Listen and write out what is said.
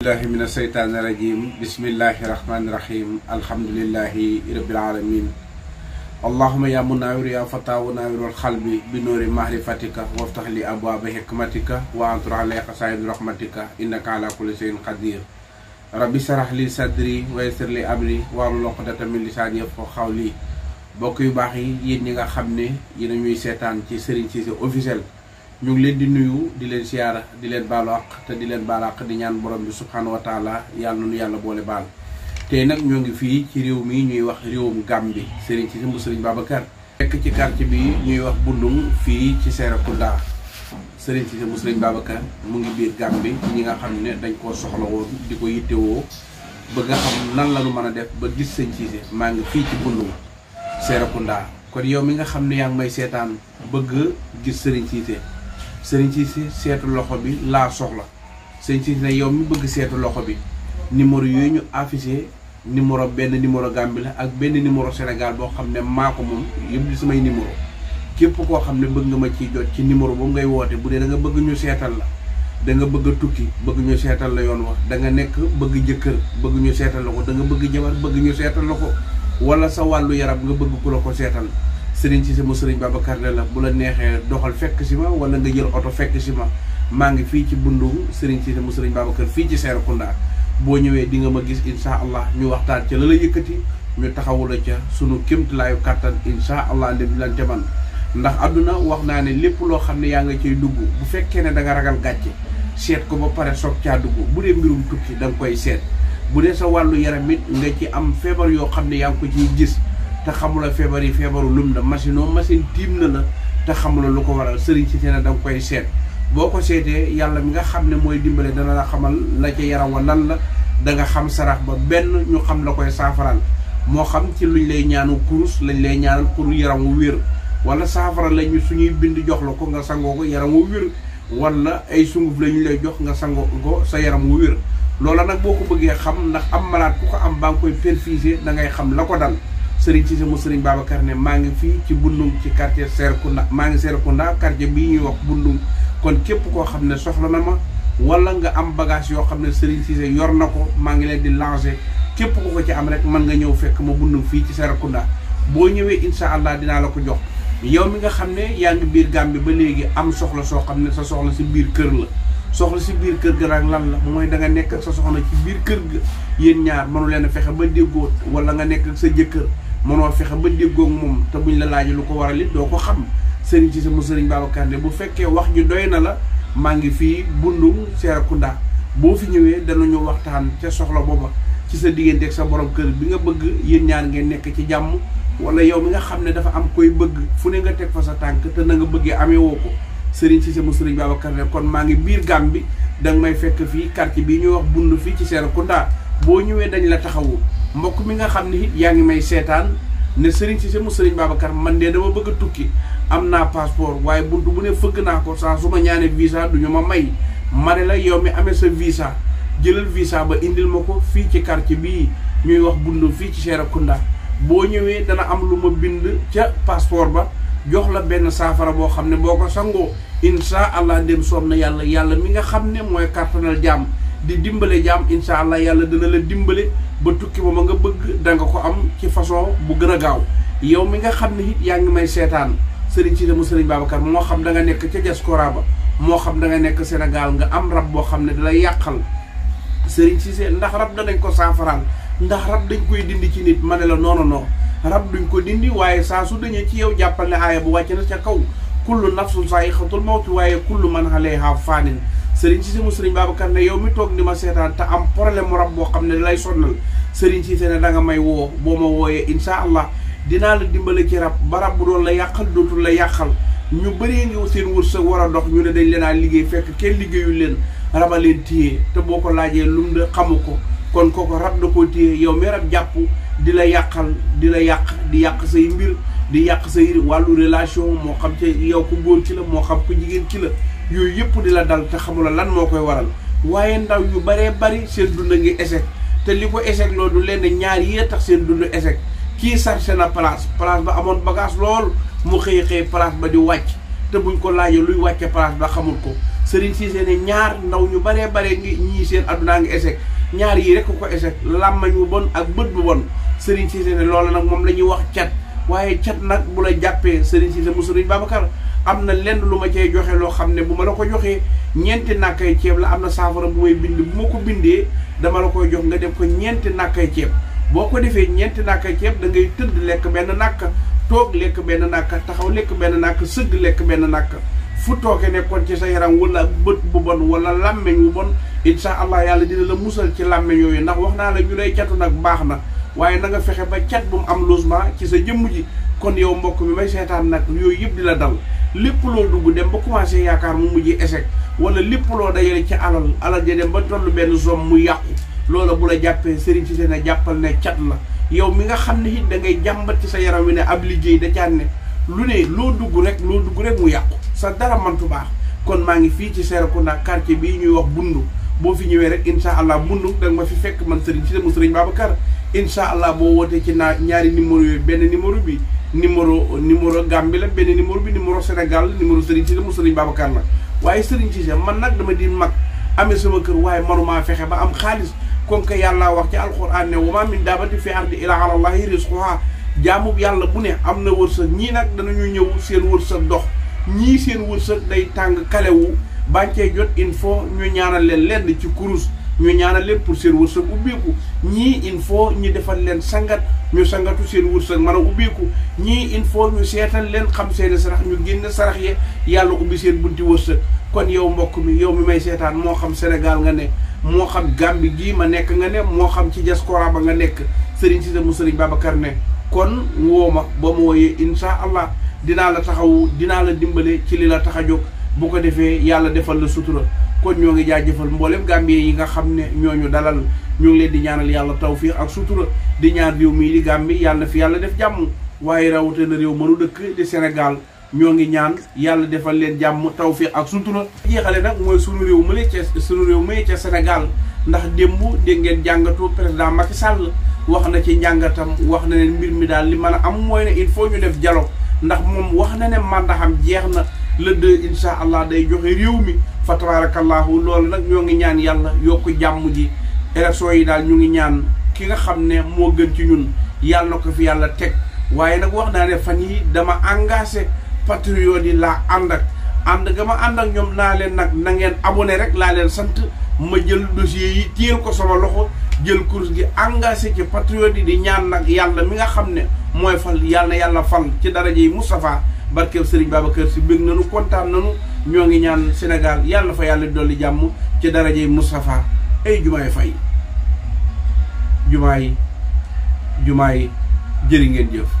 الله من الشيطان الرجيم بسم الله الرحمن الرحيم الحمد لله رب العالمين اللهم يا مناور يا فتا ونور القلب بنور معرفتك وافتح لي أبواب حكمتك وانطر علي قصائد رحمتك إنك على كل شيء قدير ربي اشرح لي صدري ويسر لي أمري واحلل عقدة من لساني يفقهوا قولي bokk yu baax yi yéen ñi nga xam ne yéen a ñuy seetaan ñu ngi leen di nuyu di leen siyaara di leen baalu àq te di leen baal di ñaan borom bi subhanahu wa taala yalla nu yalla boole baal te nak ñu ngi fi ci réew mi ñuy wax réewum gambi sëriñ ci sëmb sëriñ babakar nek ci quartier bi ñuy wax Bundung fi, ci kunda sëriñ ci sëmb sëriñ babakar mu ngi biir gambi ñi nga xamne dañ ko soxla woon di ko yittewoo ba nga xam nan la nu mëna def ba gis sëñ ci ma ngi fi ci Bundung kunda kon yow mi nga xamne may setan, bëgg gis sëriñ Cissé sëriñ si seetu loxo bi laa soxla sëriñ si ne yow mi bëgg seetu loxo bi numéro yooyu ñu affiché numéro benn numéro gàmbi la ak benn numéro Sénégal boo xam ne maa ko moom yëpp di samay numéro képp koo xam ne bëgg nga ma ci jot ci numéro boobu ngay woote bu dee da nga bëgg ñu seetal la danga bëgg tukki bëgg ñu seetal la yoon wax da nga nekk bëgg jëkkër bëgg ñu seetal la ko danga bëgg jabar bëgg ñu seetal la ko wala sa wàllu yaram nga bëgg ku la ko seetal sëriñ Cissé mo sëriñ Babacar la bu la neexee doxal fekk si ma wala nga jël oto fekk si ma maa ngi fii ci bundu sëriñ Cissé mo sëriñ Babacar fii ci seer Serekunda boo ñëwee dinga ma gis incha allah ñu waxtaan ca la la yëkkati ñu taxawu la ca sunu kéemtalaayu kàttan incha allah lim lan ca man ndax àdduna wax naa ne lépp loo xam ne yaa nga cay dugg bu fekkee ne danga nga ragal gàcce seet ko ba pare soog caa dugg bu dee mbirum tukki da koy seet bu dee sa wàllu yaram it nga ci am feebar yoo xam ne yaa ngi ko ciy gis te xamula feebar yi feebaru lum na machine o machine tiim na la te xamula lu ko waral sëriñ si nee na da nga koy seet boo ko seetee yàlla bi nga xam ne mooy dimbale dana xamal la ca yaram wa lan la danga xam sarax ba benn ñu xam la koy saafaral moo xam ci luñ lay ñaanu kurus lañ lay ñaanal pour yaram wu wér wala saafara lañu suñuy bind jox la ko nga sangoo ko yaram wu wér wala ay sunguf lañu lay jox nga sangoo ko sa yaram wu wér loola nag boo ko bëggee xam ndax am malaat ku ko am baa nga koy perfuser da ngay xam la ko dal Serigne Cissé mu Serigne Babacar ne ma ngi fi ci bundum ci quartier Serekunda ma ngi Serekunda quartier bi ñuy wax bundum kon képp ko xam soxla na ma wala nga am bagage yo Serigne yor nako ma di lancé képp ko ko ci am rek man nga ñëw fekk ma bundum fi ci Serekunda bo ñëwee inshallah dina la ko jox yow mi nga xam ya nga biir ba légui am soxla so xam sa soxla si biir kër la soxla si biir kër ga nag lan la moy da nga nekk sa soxna ci biir kër ga yeen ñaar manu leen fexé ba déggo wala nga nekk sa jëkkeur mënoo fexe ba déggoo moom te buñ la laaj lu ko waral it doo ko xam sëriñ ci sama sëriñ Babacar bu fekkee wax ju doy na la maa ngi fii bundu Serekunda boo fi ñëwee danañu waxtaan ca soxla booba ci sa diggante ak sa borom kër bi bëgg yéen ñaar ngeen nekk ci jàmm wala yow mi nga xam ne dafa am koy bëgg fu ne nga teg fa sa tànk te na nga bëggee amee woo ko sëriñ si sama sëriñ Babacar Ndeye kon maa ngi biir gàm bi danga may fekk fii quartier bii ñuy wax bundu fii ci Serekunda boo ñëwee dañu la taxawu mbokk mi nga xam ne it yaa ngi may seetaan ne Serigne Cissé mu Serigne Babacar man de dama bëgg tukki am naa passeport waaye bunt bu ne fëgg naa ko saa su ma ñaanee visa du ñu ma may ma ne la yow mi amee sa visa jëlal visa ba indil ma ko fii ci quartier bii ñuy wax bundu fii ci Serekunda boo ñëwee dana am lu ma bind ca passeport ba jox la benn saafara boo xam ne boo ko sangoo incha allah dem soob na yàlla yàlla mi nga xam ne mooy kàttanal jàmm di dimbale jaam incha allah yàlla dina la dimbale ba tukki ba ma nga bëgg da nga ko am ci façon bu gën a gaaw yow mi nga xam ne it yaa ngi may seetaan sëriñ Cissé mu sëriñ Babacar moo xam da nga nekk ca diaspora ba moo xam da nga nekk Sénégal nga am rab boo xam ne da lay yàqal sëriñ Cissé ndax rab danañ ko saafaraan ndax rab dañ koy dindi ci nit ma ne la non non rab duñ ko dindi waaye saa su dañee ci yow jàppal ne aaya bu wàcc na ca kaw kullu nafsun zaa'iqatul mawt waaye kullu man alayhaa faanin sëriñ Cissé mu sëriñ Babacar ne yow mi toog di ma seetaan te am problème mu rab boo xam ne lay sonnal sëriñ Cissé ne da nga may woo boo ma wooyee incha allah dinaa la dimbale ci rab ba rab bu doon la yàqal dootul la yàqal ñu bëree ngi seen wërsëg war a dox ñu ne dañ leen liggéey fekk kenn liggéeyu leen raba leen téye te boo ko laajee lum de xamu ko kon kooku rab da koo téye yow mi rab jàpp di la yàqal di la yàq di yàq say mbir di yàq say wàllu relation moo xam ci yow ku góor la moo xam jigéen ki la yooyu yëpp di la dal te xamula lan moo koy waral waaye ndaw yu baree bari seen dund ngi échec te li ko échec loolu du leen ñaar yee tax seen dund échec kii sarse na place place ba amoon bagage lool mu xëy xëy place ba di wàcc te buñ ko laajee luy wàcce place ba xamul ko Serigne Cissé ne ñaar ndaw ñu baree bare ngi ñii seen addunaa ngi échec ñaar yii rek ko échec làmmañ bu bon ak bët bu bon Serigne Cissé loolu nag moom la ñuy wax cat waaye cat nag bu la jàppee Serigne Cissé mu Serigne Babacar am na lenn lu ma cay joxe loo xam ne bu ma la ko joxee ñeenti nàkkay ceeb la am na saafara bu may bind bu ma ko bindee dama la koy jox nga dem ko ñeenti nàkkay ceeb boo ko defee ñeenti nàkkay ceeb da ngay tëdd lekk benn nàkk toog lekk benn nàkk taxaw lekk benn nàkk sëgg lekk benn nàkk fu tooge nekkoon ci sa yaram wala bët bu bon wala làmmeñ bu bon incha allah yàlla dina la musal ci làmmeñ yooyu ndax wax naa la ñu lay catu nag baax na waaye na nga fexe ba cat bu mu am logement ci sa jëmm ji kon yow mbokk mi may seetaan nag yooyu yëpp di la dal lépp loo dugg dem ba commencé yaakaar mu mujj échec wala lépp loo dajale ci alal alal ja dem ba toll benn somme mu yàqu loola bu la jàppee sëriñ si seen jàppal ne cat la yow mi nga xam ne it da ngay jàmbat ci sa yaram wi ne ab liggéey da caan ne lu ne loo dugg rek loo dugg rek mu yàqu sa dara mantu baax kon maa ngi fii ci Serekunda quartier bii ñuy wax Bundu boo fi ñëwee rek incha allah Bundu da ma fi fekk man sëriñ si demu sëriñ Babacar incha allah boo wootee ci naa ñaari numéro yooyu benn numéro bi numéro numéro Gambie la benn numéro bi numéro Sénégal la numéro Serigne la mu Serigne Babacar la waaye seriñ Serigne Cissé man nag dama di mag amee sama kër waaye manumaa fexe ba am xaalis comme que yàlla wax ci alxuraan ne wa maa min daabatin di ardi illaa alaa llaahi rizquhaa jaamub yàlla bu ne am na wërsëg ñii nag dana danañu ñëw seen wërsëg dox ñii seen wërsëg day tàng kalewu bàncee jot il faut ñu ñaanal leen lenn ci kurus ñu ñaanal lépp pour seen wërsëg ubbeeku ñii il faut ñu defal leen sangat ñu sangatu seen wërsëg mën a ubbeeku ñii il faut ñu seetal leen xam seeni sarax ñu génn sarax ye yàlla ubbi seen bunti wërsëg kon yow mbokk mi yow mi may seetaan moo xam Sénégal nga ne moo xam Gàmbi gii ma nekk nga ne moo xam ci diaspora ba nga nekk sëriñ Cissé mu sëriñ Babacar ne kon woo ma ba mu woyee incha allah dinaa la taxawu dinaa la dimbale ci li la tax a jóg bu ko defee yàlla defal la sutura kon ñoo ngi jaajëfal mboolem gambien yi nga xamne ne ñooñu dalal ñu ngi leen di ñaanal yalla tawfiq ak sutura di ñaan réew mi di Gàmbi yalla fi yalla def waye waaye na rew mënu dëkk di Sénégal ñoo ngi ñaan yalla defal leen jamm tawfiq ak sutura jeexale nag mooy sunu réew mële ca sunu rew mële ci Sénégal ndax dembu de ngeen jangatu président Macky Sall wax na ci jangatam wax na ne mbir mi dal li mëna am moy ne il faut ñu def dialogue ndax mom wax na ne mandaxam jeexna na le de incha allah day joxe réew mi fa tabaarakallaahu loolu nag ñoo ngi ñaan yàlla yokk jàmm ji élection yi daal ñu ngi ñaan ki nga xam ne moo gën ci ñun yàlla ko fi yàlla teg waaye nag wax naa ne fan yi dama engagé patriote yi laa ànd ànd ga ànd ak ñoom naa leen nag na ngeen abonné rek laa leen sant ma jël dossier yi ko sama loxo jël course gi engagé ci patriote di ñaan nag yàlla mi nga xam ne mooy fal yàlla yàlla fal ci daraja yi Moustapha barkeb Sëriñ kër Si bég nanu kontaan nanu ñoo ngi ñaan Sénégal yàlla fa yàlla dolli jàmm ci darajey Moustapha ay jumaay fay jumaay jumaay jëri ngeen jëf